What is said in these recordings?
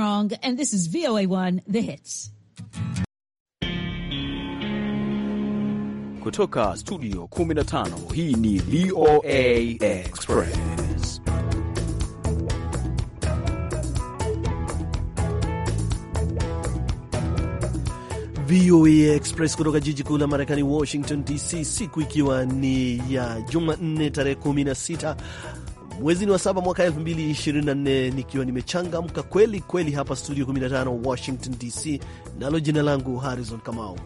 Armstrong, and this is VOA1 The Hits. Kutoka studio 15, hii ni VOA Express. VOA Express kutoka jiji kuu la Marekani, Washington DC, siku ikiwa ni ya Jumanne tarehe 16 mwezi ni wa saba mwaka 2024 nikiwa nimechangamka kweli kweli hapa studio 15 Washington DC, nalo jina langu Harrison Kamau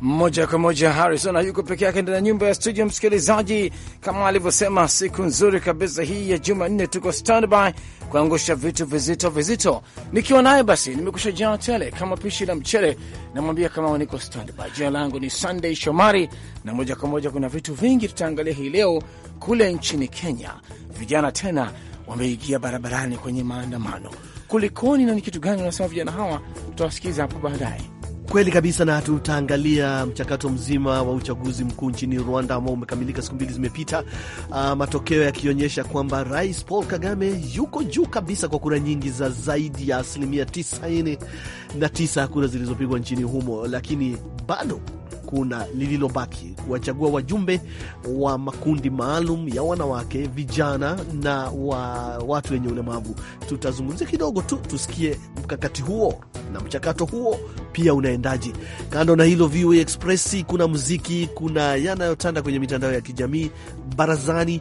moja kwa moja. Harrison hayuko peke yake ndani ya nyumba ya studio. Msikilizaji, kama alivyosema, siku nzuri kabisa hii ya Jumanne, tuko standby kuangusha vitu vizito vizito, nikiwa naye basi, nimekusha jaa tele kama pishi la mchele, namwambia kama niko standby. Jina langu ni Sunday Shomari, na moja kwa moja kuna vitu vingi tutaangalia hii leo. Kule nchini Kenya, vijana tena wameingia barabarani kwenye maandamano. Kulikoni na ni kitu gani wanasema vijana hawa? Tutawasikiza hapo baadaye. Kweli kabisa, na tutaangalia mchakato mzima wa uchaguzi mkuu nchini Rwanda ambao umekamilika siku mbili zimepita, uh, matokeo yakionyesha kwamba Rais Paul Kagame yuko juu kabisa kwa kura nyingi za zaidi ya asilimia 99 ya kura zilizopigwa nchini humo, lakini bado kuna lililobaki, kuwachagua wajumbe wa makundi maalum ya wanawake, vijana na wa watu wenye ulemavu. Tutazungumzia kidogo tu, tusikie mkakati huo na mchakato huo pia unaendaje. Kando na hilo, VOA Express kuna muziki, kuna yanayotanda kwenye mitandao ya kijamii, barazani,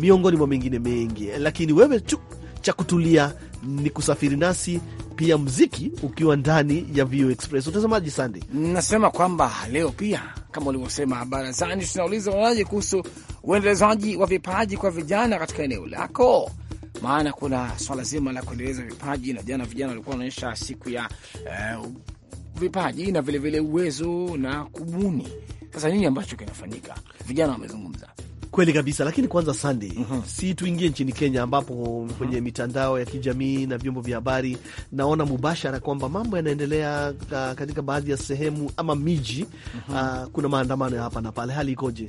miongoni mwa mengine mengi, lakini wewe tu cha kutulia ni kusafiri nasi pia mziki ukiwa ndani ya Vio Express. Utazamaji Sande, nasema kwamba leo pia kama ulivyosema barazani, tunauliza wanaje kuhusu uendelezaji wa vipaji kwa vijana katika eneo lako maana kuna swala zima la kuendeleza vipaji na jana vijana walikuwa wanaonyesha siku ya eh, vipaji na vilevile vile uwezo na kubuni. Sasa nini ambacho kinafanyika? Vijana wamezungumza Kweli kabisa, lakini kwanza sande mm -hmm. si tuingie nchini Kenya ambapo mm -hmm. kwenye mhm. mitandao ya kijamii na vyombo vya habari naona mubashara kwamba mambo yanaendelea katika baadhi ya sehemu ama miji mm -hmm. kuna maandamano ya hapa na pale, hali ikoje?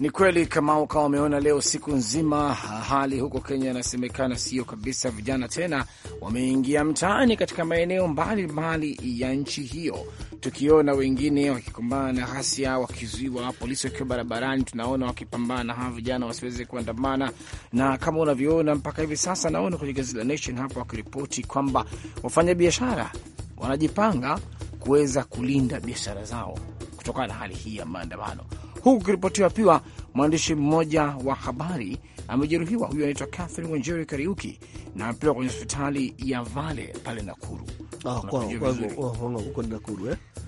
Ni kweli kama ukawa wameona leo siku nzima hali huko Kenya inasemekana sio kabisa, vijana tena wameingia mtaani katika maeneo mbalimbali ya nchi hiyo tukiona wengine wakikumbana na ghasia, wakizuiwa, polisi wakiwa barabarani, tunaona wakipambana hawa vijana wasiweze kuandamana. Na kama unavyoona mpaka hivi sasa, naona kwenye gazeti la Nation hapa wakiripoti kwamba wafanyabiashara wanajipanga kuweza kulinda biashara zao kutokana na hali hii ya maandamano, huku ukiripotiwa pia mwandishi mmoja wa habari amejeruhiwa. Huyu anaitwa Catherine Wanjeri Kariuki na amepelekwa kwenye hospitali ya Vale pale Nakuru nam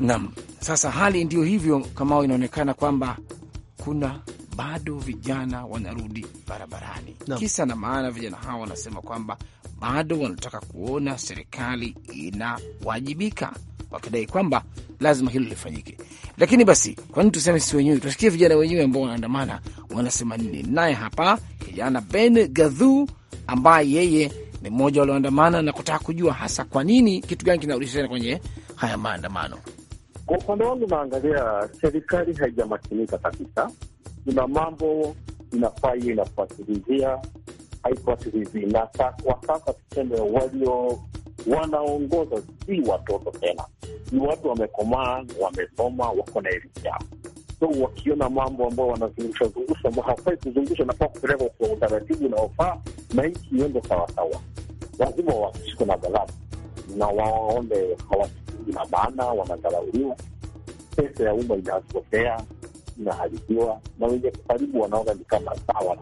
Naam, sasa hali ndiyo hivyo, kama inaonekana kwamba kuna bado vijana wanarudi barabarani Nam. Kisa na maana, vijana hawa wanasema kwamba bado wanataka kuona serikali inawajibika, wakidai kwamba lazima hilo lifanyike. Lakini basi, kwa nini tuseme sisi wenyewe? Tusikie vijana wenyewe ambao wanaandamana wanasema nini. Naye hapa kijana Ben Gadhu ambaye yeye ni mmoja walioandamana na kutaka kujua hasa kwa nini, kitu gani kinarudisha tena kwenye haya maandamano. Kwa upande wangu, naangalia serikali haijamakinika kabisa. Kuna mambo inafaa hiyo inafuatilizia, haifuatilizii, na kwa sasa tuseme walio wanaongoza si watoto tena, ni watu wamekomaa, wamesoma, wako na elimu yao. So wakiona mambo ambao wanazungushazungusha, hawafai kuzungusha, nafaa kupeleka kwa utaratibu unaofaa na hii iende sawasawa lazima washikwe na ghadhabu na waombe, hawasikii na maana wanadharauliwa, pesa ya umma inapotea inaharibiwa, na wenye karibu wanaona ni kama sawa.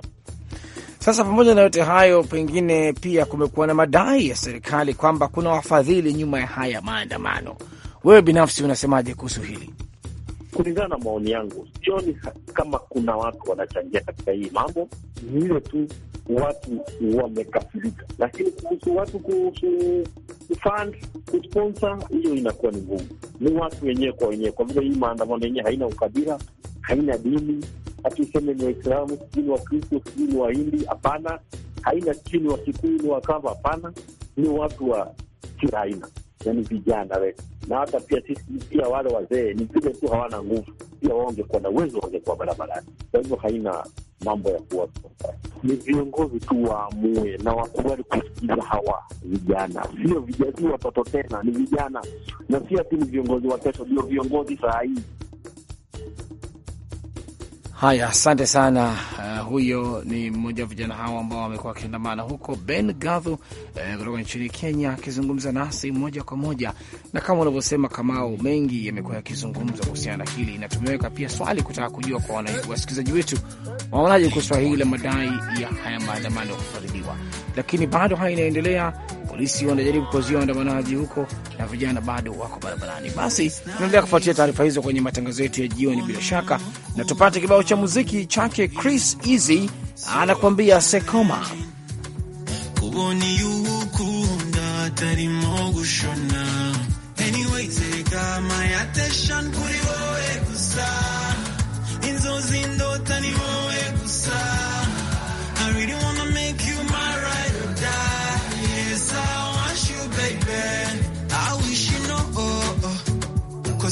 Sasa pamoja na yote hayo, pengine pia kumekuwa na madai ya serikali kwamba kuna wafadhili nyuma ya haya maandamano. Wewe binafsi unasemaje kuhusu hili? kulingana na maoni yangu, sioni kama kuna watu wanachangia katika hii mambo, hiyo tu watu wamekafirika, lakini kuhusu watu kuhusu fund kusponsor, hiyo inakuwa ni ngumu. Ni watu wenyewe kwa wenyewe, kwa vile hii maandamano yenyewe haina ukabila, haina dini, hata useme ni Waislamu sijui ni Wakristo sijui ni Wahindi, hapana. Haina sijui ni Wakikuyu ni Wakava, hapana. Ni watu wa kila aina, yani vijana wetu na hata pia sisi pia wale wazee ni vile tu hawana nguvu, pia wangekuwa na uwezo wangekuwa barabarani. Kwa hivyo haina mambo ya kuwa ni viongozi tu waamue na wakubali kusikiza hawa vijana, sio vijana, si watoto tena, ni vijana na si ati ni viongozi wa kesho, ndio viongozi saa hii Haya, asante sana. Uh, huyo ni mmoja wa vijana hao ambao wamekuwa wakiandamana huko Ben Gadhu uh, kutoka nchini Kenya, akizungumza nasi moja kwa moja. Na kama unavyosema Kamau, mengi yamekuwa yakizungumza kuhusiana na hili, na tumeweka pia swali kutaka kujua kwa wasikilizaji wetu waonaje kuhusu hili la madai ya haya maandamano kufaridiwa, lakini bado haya inaendelea Polisi wanajaribu kuzuia waandamanaji huko na vijana bado wako barabarani. Basi tunaendelea kufuatia taarifa hizo kwenye matangazo yetu ya jioni, bila shaka, na tupate kibao cha muziki chake Chris Easy anakuambia Sekoma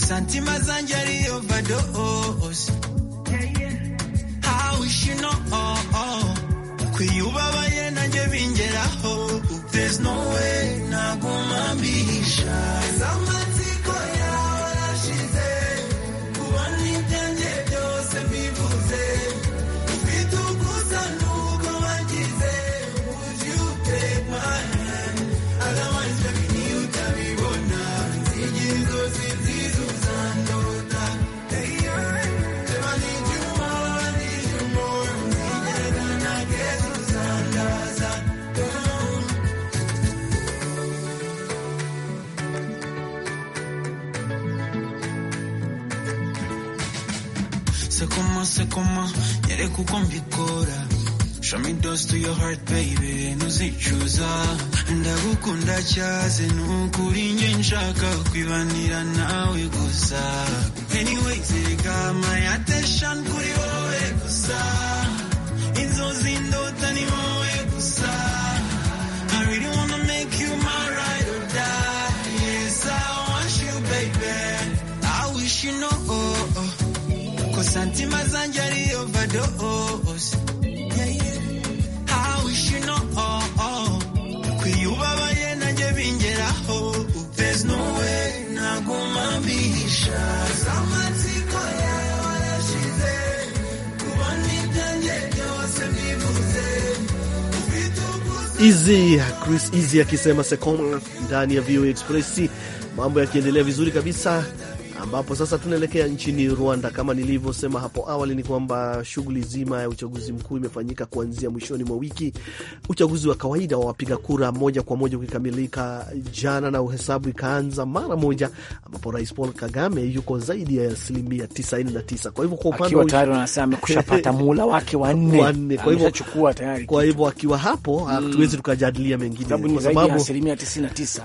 Santima Zanjari overdose. Yeah, yeah. How is she not? Oh, oh. Kwiyubabaye nanje bingeraho. There's no way naguma mbisha. koma nyereka uko mbikora show me those to your heart baby ntuzicuza ndagukunda cyaze nukuri nge nshaka kwibanira nawe gusa anyway tega my attention kuri wowe gusa inzozi ndota ni wowe Santima Zanjari oh, oh, oh, overdose. Yeah, yeah. How is she not? Oh, oh. Kuyubabaye nanje bingeraho. There's no way naguma bisha. Samatiko ya wala shize. Kubani byose bibuze. Easy, Chris Easy akisema Sekoma ndani ya VOA Express, mambo yakiendelea vizuri kabisa ambapo sasa tunaelekea nchini Rwanda. Kama nilivyosema hapo awali, ni kwamba shughuli zima ya uchaguzi mkuu imefanyika kuanzia mwishoni mwa wiki, uchaguzi wa kawaida wa wapiga kura moja kwa moja ukikamilika jana na uhesabu ikaanza mara moja, ambapo Rais Paul Kagame yuko zaidi ya asilimia 99. Kwa hivyo kwa upande wa tayari anasema amekushapata muhula wake wa nne, kwa hivyo achukua tayari. Kwa hivyo akiwa hapo mm. hatuwezi tukajadilia mengine, kwa sababu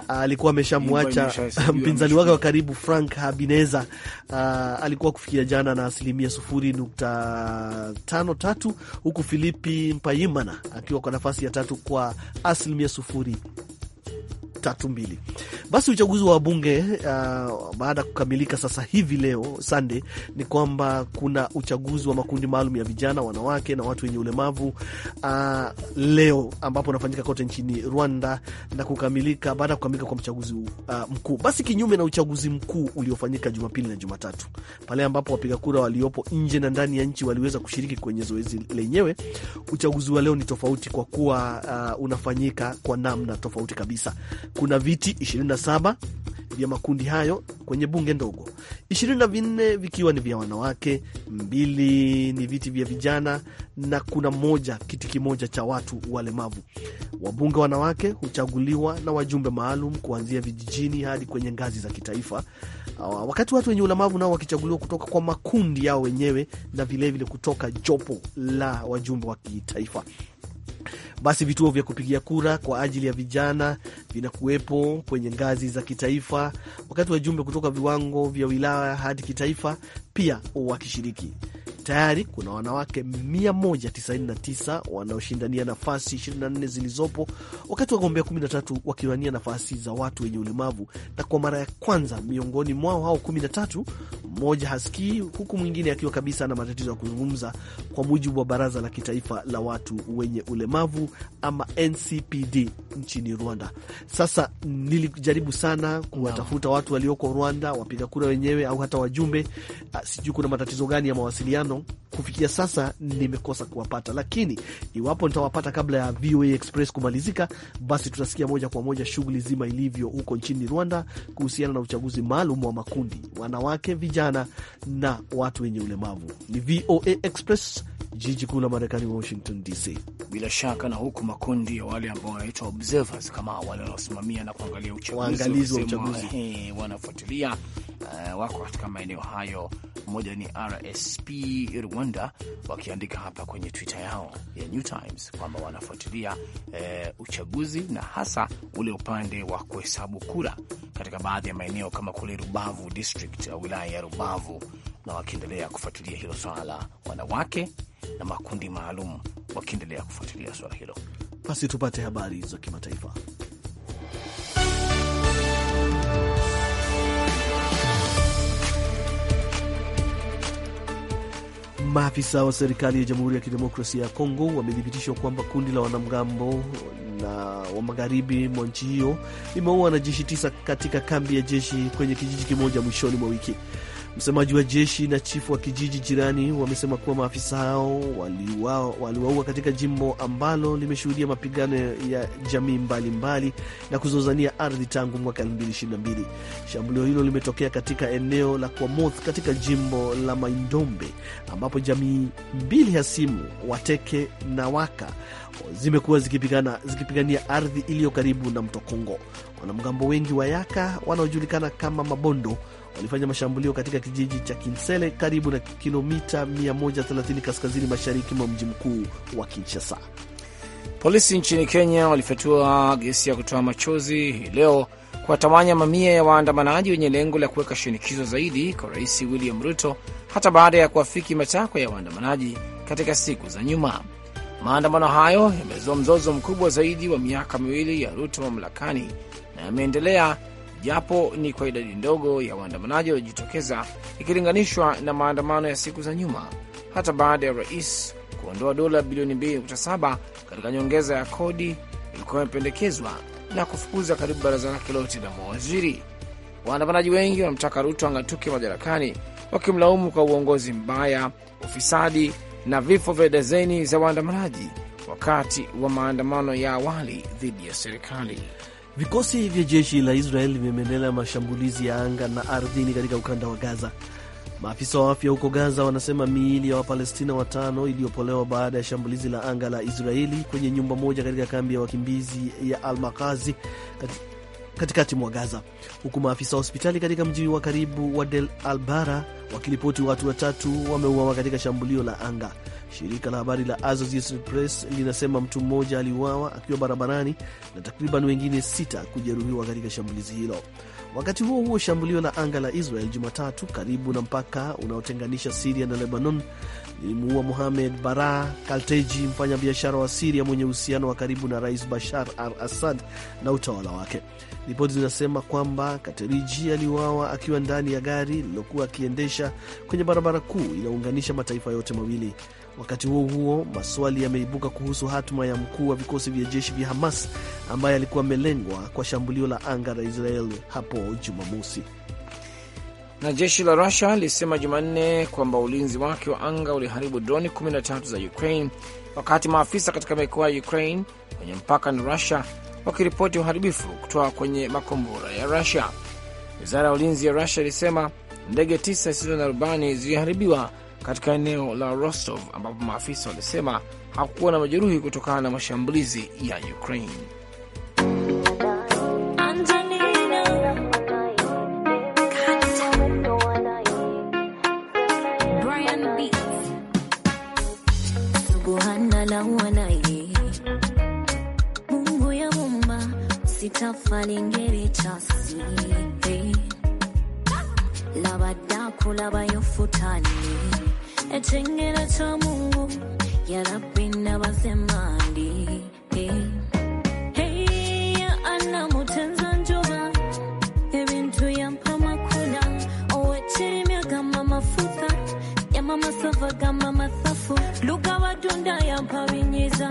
alikuwa ameshamwacha mpinzani wake wa karibu Frank Habinez Uingereza uh, alikuwa kufikia jana na asilimia sufuri nukta tano tatu huku Filipi Mpayimana akiwa kwa nafasi ya tatu kwa asilimia sufuri tatu mbili. Basi uchaguzi wa bunge uh, baada ya kukamilika sasa hivi leo Sunday, ni kwamba kuna uchaguzi wa makundi maalum ya vijana, wanawake na watu wenye ulemavu uh, leo ambapo unafanyika kote nchini Rwanda na kukamilika baada ya kukamilika kwa mchaguzi uh, mkuu. Basi kinyume na uchaguzi mkuu uliofanyika Jumapili na Jumatatu, pale ambapo wapiga kura waliopo nje na ndani ya nchi waliweza kushiriki kwenye zoezi lenyewe, uchaguzi wa leo ni tofauti kwa kuwa uh, unafanyika kwa namna tofauti kabisa. Kuna viti 17 vya makundi hayo kwenye bunge ndogo, 24 vikiwa ni vya wanawake, mbili ni viti vya vijana na kuna moja kiti kimoja cha watu walemavu. Wabunge wanawake huchaguliwa na wajumbe maalum kuanzia vijijini hadi kwenye ngazi za kitaifa, wakati watu wenye ulemavu nao wakichaguliwa kutoka kwa makundi yao wenyewe na vilevile vile kutoka jopo la wajumbe wa kitaifa. Basi vituo vya kupigia kura kwa ajili ya vijana vinakuwepo kwenye ngazi za kitaifa, wakati wajumbe kutoka viwango vya wilaya hadi kitaifa pia wakishiriki. Tayari kuna wanawake 199 wanaoshindania nafasi 24 zilizopo, wakati wagombea 13 wakiwania nafasi za watu wenye ulemavu, na kwa mara ya kwanza miongoni mwao hao 13 mmoja hasikii huku mwingine akiwa kabisa na matatizo ya kuzungumza, kwa mujibu wa Baraza la Kitaifa la Watu Wenye Ulemavu ama NCPD nchini Rwanda. Sasa nilijaribu sana kuwatafuta watu walioko Rwanda, wapiga kura wenyewe au hata wajumbe, ah, sijui kuna matatizo gani ya mawasiliano kufikia sasa nimekosa kuwapata, lakini iwapo nitawapata kabla ya VOA Express kumalizika, basi tutasikia moja kwa moja shughuli zima ilivyo huko nchini Rwanda kuhusiana na uchaguzi maalum wa makundi wanawake, vijana na watu wenye ulemavu. Ni VOA Express jiji kuu la Marekani, Washington DC. Bila shaka na huku makundi ya wale ambao wanaitwa observers kama wale wanaosimamia na kuangalia uchaguzi wa uchaguzi eh, wanafuatilia, uh, wako katika maeneo hayo. Mmoja ni RSP Rwanda, wakiandika hapa kwenye Twitter yao ya New Times kwamba wanafuatilia uh, uchaguzi na hasa ule upande wa kuhesabu kura katika baadhi ya maeneo kama kule Rubavu district, wilaya ya Rubavu, na wakiendelea kufuatilia hilo swala la wanawake na makundi maalum wakiendelea kufuatilia swala hilo. Basi tupate habari za kimataifa. Maafisa wa serikali ya Jamhuri ya Kidemokrasia ya Kongo wamethibitishwa kwamba kundi la wanamgambo na wa magharibi mwa nchi hiyo limeua wanajeshi tisa katika kambi ya jeshi kwenye kijiji kimoja mwishoni mwa wiki. Msemaji wa jeshi na chifu wa kijiji jirani wamesema kuwa maafisa hao waliwaua wali katika jimbo ambalo limeshuhudia mapigano ya jamii mbalimbali mbali na kuzozania ardhi tangu mwaka 2022. Shambulio hilo limetokea katika eneo la Kwamoth katika jimbo la Maindombe ambapo jamii mbili hasimu Wateke na Waka zimekuwa zikipigana zikipigania ardhi iliyo karibu na mto Kongo. Wanamgambo wengi wa Yaka wanaojulikana kama Mabondo walifanya mashambulio katika kijiji cha Kinsele karibu na kilomita 130 kaskazini mashariki mwa mji mkuu wa Kinshasa. Polisi nchini Kenya walifyatua gesi ya kutoa machozi hii leo kuwatawanya mamia ya waandamanaji wenye lengo la kuweka shinikizo zaidi kwa Rais William Ruto hata baada ya kuafiki matakwa ya waandamanaji katika siku za nyuma. Maandamano hayo yamezua mzozo mkubwa zaidi wa miaka miwili ya Ruto mamlakani na yameendelea japo ni kwa idadi ndogo ya waandamanaji waliojitokeza ikilinganishwa na maandamano ya siku za nyuma, hata baada ya rais kuondoa dola bilioni 2.7 katika nyongeza ya kodi ilikuwa imependekezwa na kufukuza karibu baraza lake lote la mawaziri. Waandamanaji wengi wanamtaka Ruto ang'atuke madarakani, wakimlaumu kwa uongozi mbaya, ufisadi na vifo vya dazeni za waandamanaji wakati wa maandamano ya awali dhidi ya serikali. Vikosi vya jeshi la Israel vimeendelea mashambulizi ya anga na ardhini katika ukanda wa Gaza. Maafisa wa afya huko Gaza wanasema miili ya Wapalestina watano iliyopolewa baada ya shambulizi la anga la Israeli kwenye nyumba moja katika kambi ya wakimbizi ya Almakazi katikati mwa Gaza, huku maafisa wa hospitali katika mji wa karibu wa Del Albara wakiripoti watu watatu wameuawa katika shambulio la anga. Shirika la habari la Associated Press linasema mtu mmoja aliuawa akiwa barabarani na takriban wengine sita kujeruhiwa katika shambulizi hilo. Wakati huo huo, shambulio la anga la Israel Jumatatu karibu na mpaka unaotenganisha Siria na Lebanon lilimuua Mohamed Bara Kalteji, mfanyabiashara wa Siria mwenye uhusiano wa karibu na Rais Bashar al Assad na utawala wake. Ripoti zinasema kwamba Kateriji aliuawa akiwa ndani ya gari lililokuwa akiendesha kwenye barabara kuu inaunganisha mataifa yote mawili. Wakati huo huo, maswali yameibuka kuhusu hatma ya mkuu wa vikosi vya jeshi vya Hamas ambaye alikuwa amelengwa kwa shambulio la anga la israel hapo Jumamosi. Na jeshi la Rusia lilisema Jumanne kwamba ulinzi wake wa anga uliharibu droni 13 za Ukraine, wakati maafisa katika mikoa ya Ukraine kwenye mpaka na Rusia wakiripoti uharibifu kutoka kwenye makombora ya Rusia. Wizara ya ulinzi ya Rusia ilisema ndege tisa zisizo na rubani ziliharibiwa katika eneo la Rostov, ambapo maafisa walisema hakukuwa na majeruhi kutokana na mashambulizi ya Ukraine kulaba yofutani etengera cha Mungu ya na basemandi eh. hey ya ana mutenza njoba ebintu yampa makula owetiri myagamba mafuta yama masava gamba masafu luga badunda yampa binyiza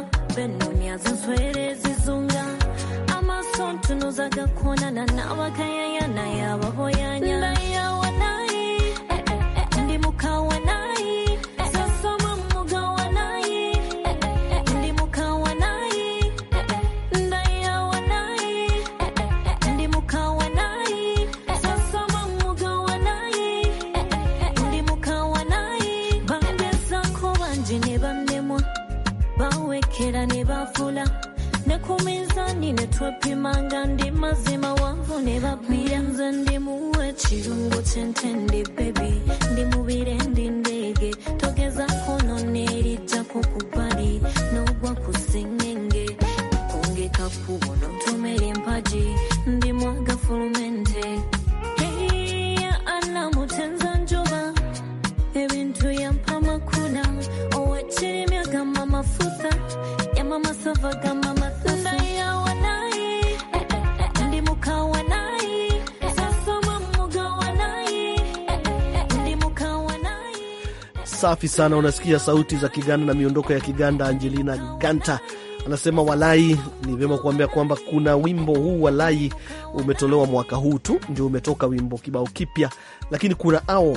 safi sana. Unasikia sauti za Kiganda na miondoko ya Kiganda. Angelina Ganta anasema walai, ni vyema kuambia kwamba kuna wimbo huu walai umetolewa mwaka huu tu, ndio umetoka wimbo kibao kipya, lakini kuna ao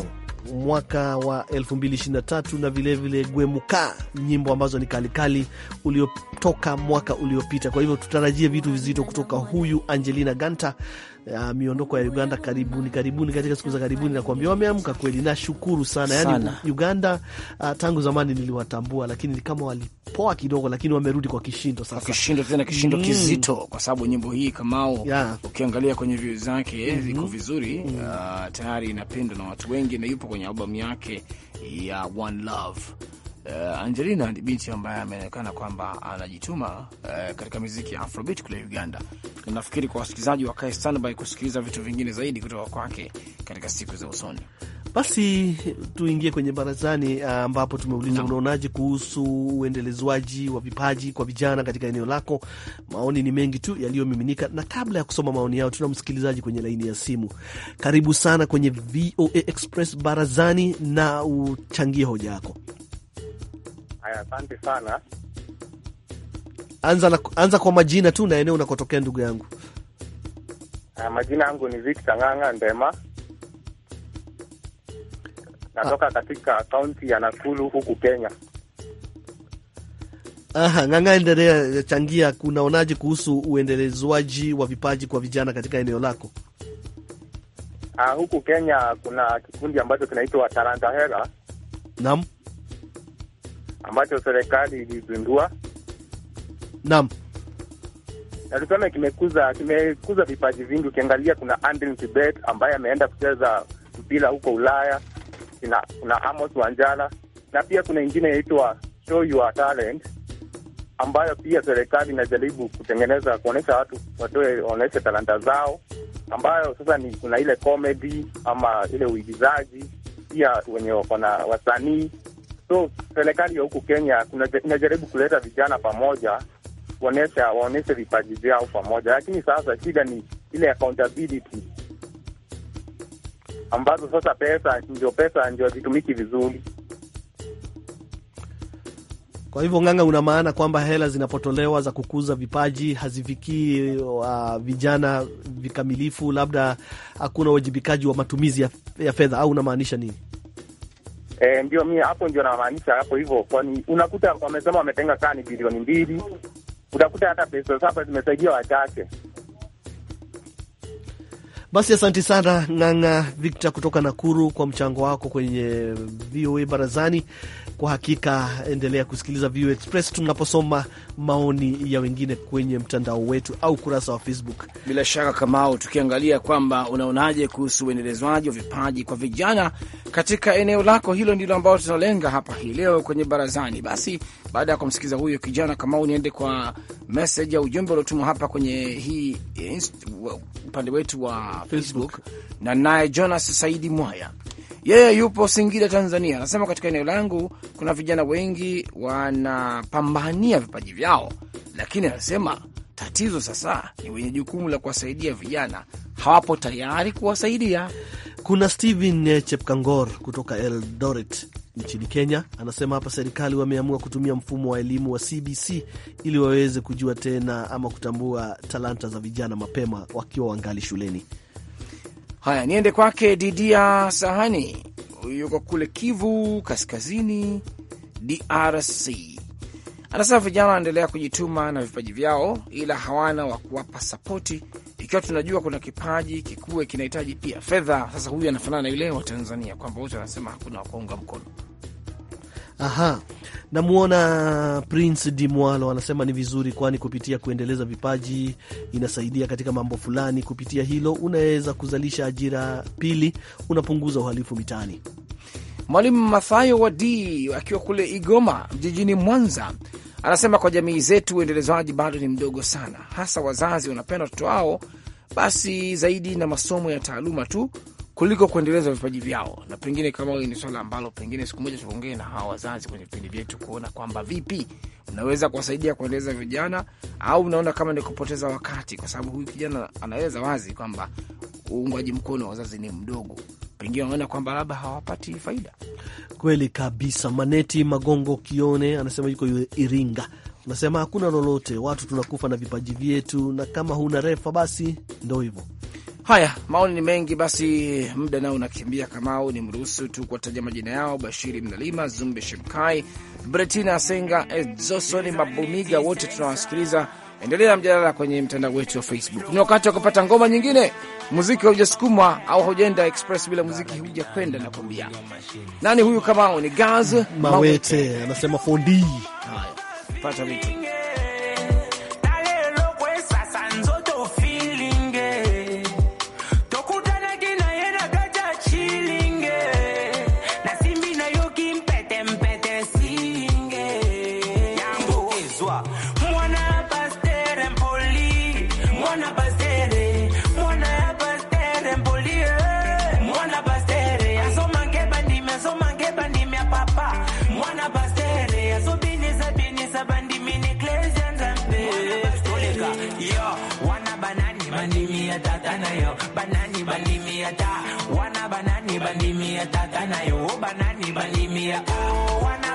mwaka wa 2023 na vilevile Gwemuka, nyimbo ambazo ni kalikali uliotoka mwaka uliopita. Kwa hivyo tutarajie vitu vizito kutoka huyu Angelina Ganta ya eh, miondoko ya Uganda karibuni karibuni, katika siku za karibuni, nakuambia wameamka kweli. Nashukuru sana, yani sana. Uganda uh, tangu zamani niliwatambua, lakini kama walipoa kidogo, lakini wamerudi kwa kishindo sasa, kishindo tena kishindo mm. kizito, kwa sababu nyimbo hii kamao, yeah. ukiangalia kwenye vi zake mm -hmm. vizuri mm. uh, tayari inapendwa na watu wengi na yupo kwenye albamu yake ya One Love uh, Angelina ni binti ambaye ameonekana kwamba anajituma uh, katika muziki ya Afrobeat kule Uganda, nafikiri kwa wasikilizaji wakae standby kusikiliza vitu vingine zaidi kutoka kwake katika siku za usoni. Basi tuingie kwenye barazani eh, ambapo tumeuliza unaonaje kuhusu uendelezwaji wa vipaji kwa vijana katika eneo lako. Maoni ni mengi tu yaliyomiminika, na kabla ya kusoma maoni yao, tuna msikilizaji kwenye laini ya simu. Karibu sana kwenye VOA Express barazani, na uchangie hoja yako. Haya, asante sana. Anza, na, anza kwa majina tu na eneo unakotokea ndugu yangu. Uh, majina yangu ni Victor Ng'ang'a Ndema, natoka ha, ah. katika kaunti ya Nakuru huku Kenya. Aha, Ng'ang'a, endelea, changia. kunaonaje kuhusu uendelezwaji wa vipaji kwa vijana katika eneo lako? Uh, huku Kenya kuna kikundi ambacho kinaitwa Taranta Hera. Naam ambacho serikali ilizindua. Naam, na tuseme kimekuza kimekuza vipaji vingi. Ukiangalia kuna Andrew ambaye ameenda kucheza mpira huko Ulaya, kuna, kuna Amos Wanjala na pia kuna ingine inaitwa Show Your Talent ambayo pia serikali inajaribu kutengeneza kuonyesha watu watoe waonyeshe talanta zao, ambayo sasa ni kuna ile comedy ama ile uigizaji, pia wenye wako na wasanii So serikali ya huku Kenya inajaribu kuleta vijana pamoja, waonesha waoneshe vipaji vyao pamoja, lakini sasa shida ni ile accountability ambazo sasa pesa ndio pesa ndio hazitumiki vizuri. Kwa hivyo Ng'ang'a, una maana kwamba hela zinapotolewa za kukuza vipaji hazifikii uh, vijana vikamilifu, labda hakuna uwajibikaji wa matumizi ya, ya fedha au unamaanisha nini? E, ndio mi hapo ndio namaanisha hapo hivyo, kwani unakuta wamesema wametenga kani bilioni mbili, utakuta hata pesa sasa zimesaidia wachache. Basi asanti sana Ng'ang'a Victor kutoka Nakuru kwa mchango wako kwenye VOA Barazani. Kwa hakika endelea kusikiliza VU Express tunaposoma maoni ya wengine kwenye mtandao wetu au kurasa wa Facebook. Bila shaka, Kamao, tukiangalia kwamba unaonaje kuhusu uendelezwaji wa vipaji kwa vijana katika eneo lako, hilo ndilo ambalo tunalenga hapa hii leo kwenye barazani. Basi baada ya kumsikiliza huyo kijana Kamao, niende kwa message ya ujumbe uliotumwa hapa kwenye hii upande wetu wa Facebook, Facebook na naye Jonas Saidi Mwaya yeye yeah, yupo Singida, Tanzania. Anasema katika eneo langu kuna vijana wengi wanapambania vipaji vyao, lakini anasema tatizo sasa ni wenye jukumu la kuwasaidia vijana hawapo tayari kuwasaidia. Kuna Steven Chepkangor kutoka Eldoret nchini Kenya, anasema hapa serikali wameamua kutumia mfumo wa elimu wa CBC ili waweze kujua tena ama kutambua talanta za vijana mapema wakiwa wangali shuleni. Haya, niende kwake Didia Sahani, yuko kule Kivu Kaskazini, DRC. Anasema vijana wanaendelea kujituma na vipaji vyao, ila hawana wa kuwapa sapoti. Ikiwa tunajua kuna kipaji kikuwe kinahitaji pia fedha. Sasa huyu anafanana na yule wa Tanzania kwamba wote wanasema hakuna wa kuunga mkono. Aha, namwona Prince Dimwalo anasema ni vizuri, kwani kupitia kuendeleza vipaji inasaidia katika mambo fulani. Kupitia hilo unaweza kuzalisha ajira, pili unapunguza uhalifu mitaani. Mwalimu Mathayo Wadi akiwa kule Igoma jijini Mwanza anasema kwa jamii zetu uendelezaji bado ni mdogo sana, hasa wazazi wanapenda watoto wao basi zaidi na masomo ya taaluma tu kuliko kuendeleza vipaji vyao, na pengine kama ni swala ambalo pengine siku moja tuongee na hawa wazazi kwenye vipindi vyetu, kuona kwamba vipi unaweza kuwasaidia kuendeleza vijana, au unaona kama ni kupoteza wakati, kwa sababu huyu kijana anaeleza wazi kwamba uungwaji mkono wa wazazi ni mdogo pengine wanaona kwamba labda hawapati faida. Kweli kabisa. Maneti Magongo Kione anasema yuko Iringa, anasema hakuna lolote, watu tunakufa na vipaji vyetu, na kama huna refa basi ndo hivyo. Haya, maoni ni mengi, basi muda nao unakimbia. Kamau ni mruhusu tu kuwataja majina yao: Bashiri Mnalima, Zumbe Shemkai, Bretina Asenga, ezosoni Mabumiga, wote tunawasikiliza. Endelea mjadala kwenye mtandao wetu wa Facebook. Ni wakati wa kupata ngoma nyingine. Muziki haujasukumwa au haujaenda express, bila muziki huja na Nakwambia nani huyu? Kamau ni Gaz Mawete, anasema fondi. Haya, pata vitu Banimia tata na yo banani banimia oh, ah, wana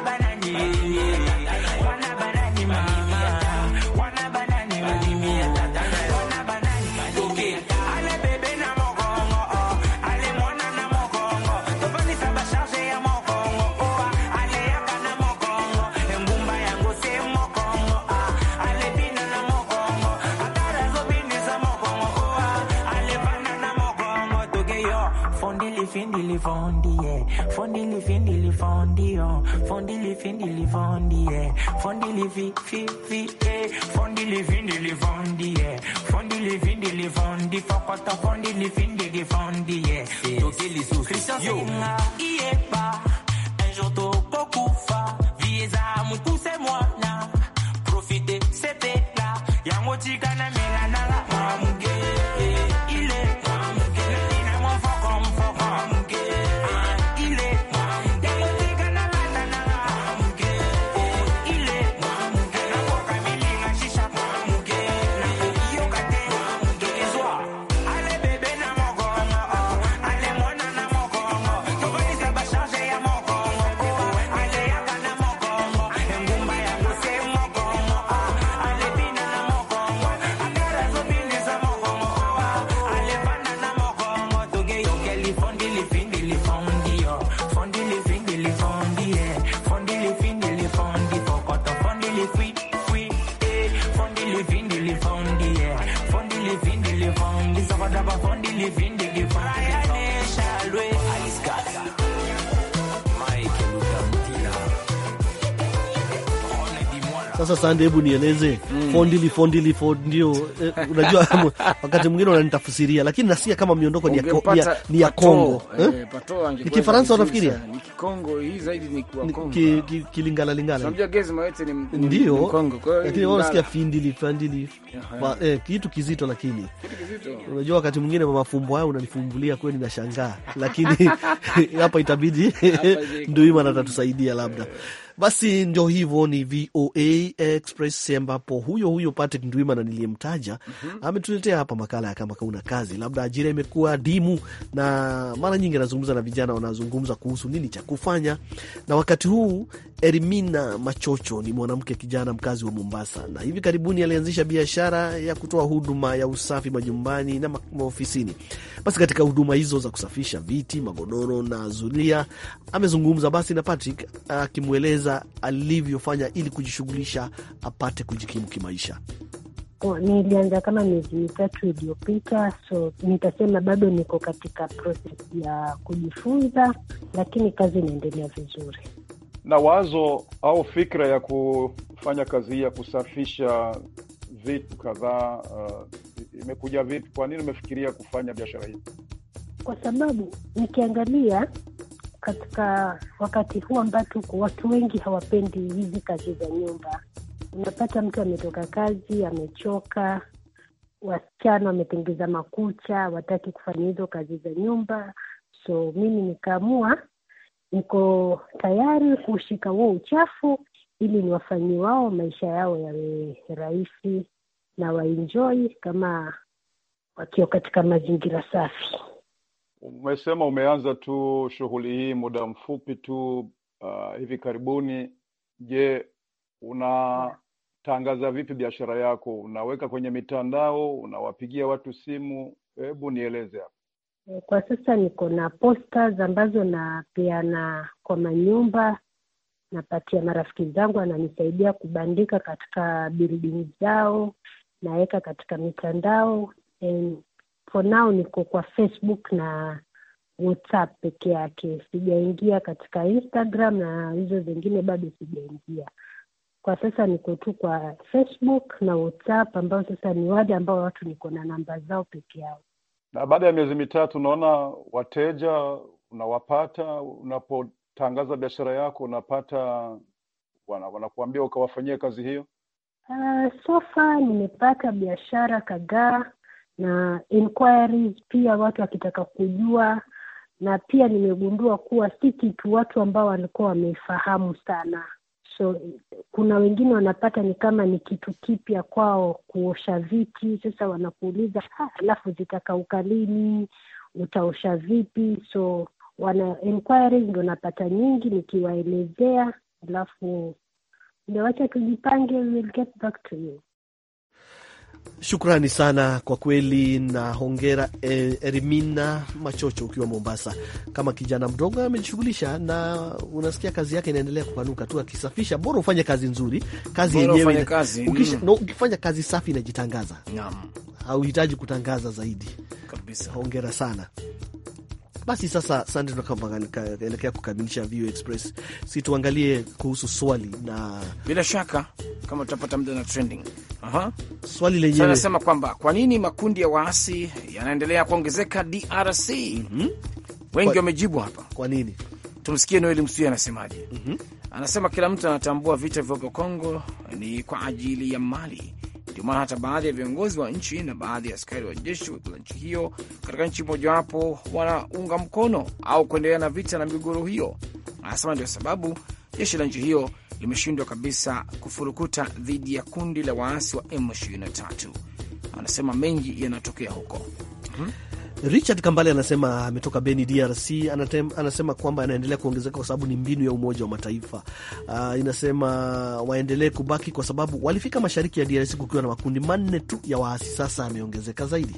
lifondi yeah. Fondi lifi nilifondi yo. Fondi lifi nilifondi yeah. Fondi lifi fi fi eh. Fondi lifi nilifondi yeah. Fondi lifi nilifondi fakata fondi lifi ndigi fondi yeah. Tokili susi yo. Yeah. Sande, hebu nieleze mm. fondili fondili fondio eh, unajua wakati mwingine unanitafsiria, lakini nasikia kama miondoko ni ya, ni ya Kongo eh? eh ni Kifaransa unafikiria kilingala lingala ndio, lakini wao nasikia findili fandili eh, kitu kizito, lakini unajua wakati mwingine mafumbo hayo unanifumbulia kweli, nashangaa, lakini hapa itabidi hima natatusaidia labda yeah. Basi ndio hivyo, ni VOA Express ambapo huyo huyo Patrick Ndwimana niliyemtaja mm -hmm. ametuletea hapa makala ya kama kauna kazi, labda ajira imekuwa dimu, na mara nyingi anazungumza na vijana wanazungumza kuhusu nini cha kufanya. Na wakati huu Ermina Machocho ni mwanamke kijana mkazi wa Mombasa, na hivi karibuni alianzisha biashara ya kutoa huduma ya usafi majumbani na maofisini. Basi katika huduma hizo za kusafisha viti, magodoro na zulia amezungumza basi na Patrick akimweleza kueleza alivyofanya ili kujishughulisha apate kujikimu kimaisha? Oh, nilianza kama miezi mitatu iliyopita, so nitasema bado niko katika proses ya kujifunza, lakini kazi inaendelea vizuri. Na wazo au fikra ya kufanya kazi hii ya kusafisha vitu kadhaa uh, imekuja vipi? Kwa nini umefikiria kufanya biashara hii? Kwa sababu nikiangalia katika wakati huu ambapo watu wengi hawapendi hizi kazi za nyumba. Unapata mtu ametoka kazi, amechoka, wasichana wametengeza makucha, wataki kufanya hizo kazi za nyumba. So mimi nikaamua niko tayari kushika huo uchafu ili niwafanyie wao maisha yao yawe rahisi na waenjoi kama wakiwa katika mazingira safi. Umesema umeanza tu shughuli hii muda mfupi tu uh, hivi karibuni. Je, unatangaza vipi biashara yako? Unaweka kwenye mitandao? Unawapigia watu simu? Hebu nieleze hapa. Kwa sasa niko na posters ambazo napeana kwa manyumba, napatia marafiki zangu, ananisaidia kubandika katika building zao, naweka katika mitandao for now niko kwa Facebook na WhatsApp peke yake, sijaingia katika Instagram na hizo zingine bado sijaingia. Kwa sasa niko tu kwa Facebook na WhatsApp, ambao sasa ni wale ambao watu niko na namba zao peke yao. Na baada ya miezi mitatu, unaona wateja unawapata, unapotangaza biashara yako unapata wana, wanakuambia ukawafanyia kazi hiyo? Uh, ah, sofa nimepata biashara kadhaa na inquiries pia, watu wakitaka kujua. Na pia nimegundua kuwa si kitu watu ambao walikuwa wamefahamu sana, so kuna wengine wanapata ni kama ni kitu kipya kwao kuosha viti. Sasa wanakuuliza alafu zitakauka lini, utaosha vipi? So wana inquiries ndo napata nyingi nikiwaelezea, alafu ndio wacha tujipange, we'll get back to you. Shukrani sana kwa kweli, na hongera e, Erimina Machocho ukiwa Mombasa. Kama kijana mdogo amejishughulisha na unasikia kazi yake inaendelea kupanuka tu, akisafisha. Bora ufanye kazi nzuri, kazi yenyewe ukifanya mm. no, kazi safi inajitangaza, hauhitaji kutangaza zaidi kabisa. Hongera sana. Basi sasa, sande, tunakaelekea kukamilisha VU Express, si tuangalie kuhusu swali na bila shaka kama tutapata mda na trending. Aha, swali lenyewe kwamba kwa nini makundi ya waasi yanaendelea kuongezeka DRC? mm -hmm. Wengi wamejibu hapa, kwa nini? Tumsikie Noeli Msu anasemaje. mm -hmm. Anasema kila mtu anatambua vita vilivyopo Kongo ni kwa ajili ya mali maana hata baadhi ya viongozi wa nchi na baadhi ya askari wa jeshi wa nchi hiyo katika nchi mojawapo wanaunga mkono au kuendelea na vita na migogoro hiyo. Anasema ndio sababu jeshi la nchi hiyo limeshindwa kabisa kufurukuta dhidi ya kundi la waasi wa M23. Anasema mengi yanatokea huko hmm? Richard Kambale anasema ametoka Beni, DRC. Anatem, anasema kwamba anaendelea kuongezeka kwa sababu ni mbinu ya Umoja wa Mataifa. Uh, inasema waendelee kubaki kwa sababu walifika mashariki ya DRC kukiwa na makundi manne tu ya waasi, sasa ameongezeka zaidi.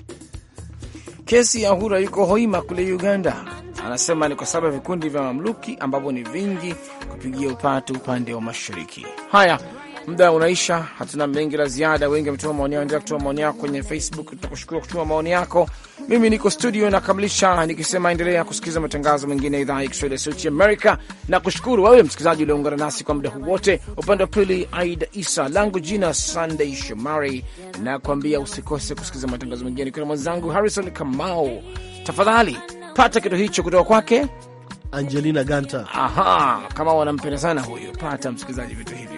Kesi ya Hura yuko Hoima kule Uganda anasema ni kwa sababu ya vikundi vya mamluki ambavyo ni vingi kupigia upatu upande wa mashariki. Haya. Muda unaisha, hatuna mengi la ziada. Wengi wametuma maoni yao, endelea kutuma maoni yako kwenye Facebook. Tunakushukuru kutuma maoni yako. Mimi niko studio nakamilisha nikisema endelea kusikiliza matangazo mengine ya idhaa ya Kiswahili ya Sauti Amerika, na kushukuru wewe msikilizaji ulioungana nasi kwa muda huu wote. Upande wa pili, Aida Isa langu jina Sunday Shomari, nakuambia usikose kusikiliza matangazo mengine. Kuna mwenzangu Harrison Kamau, tafadhali pata kitu hicho kutoka kwake Angelina Ganta. Aha, kama wanampenda sana huyu, pata msikilizaji vitu hivyo.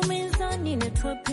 Come in the tropi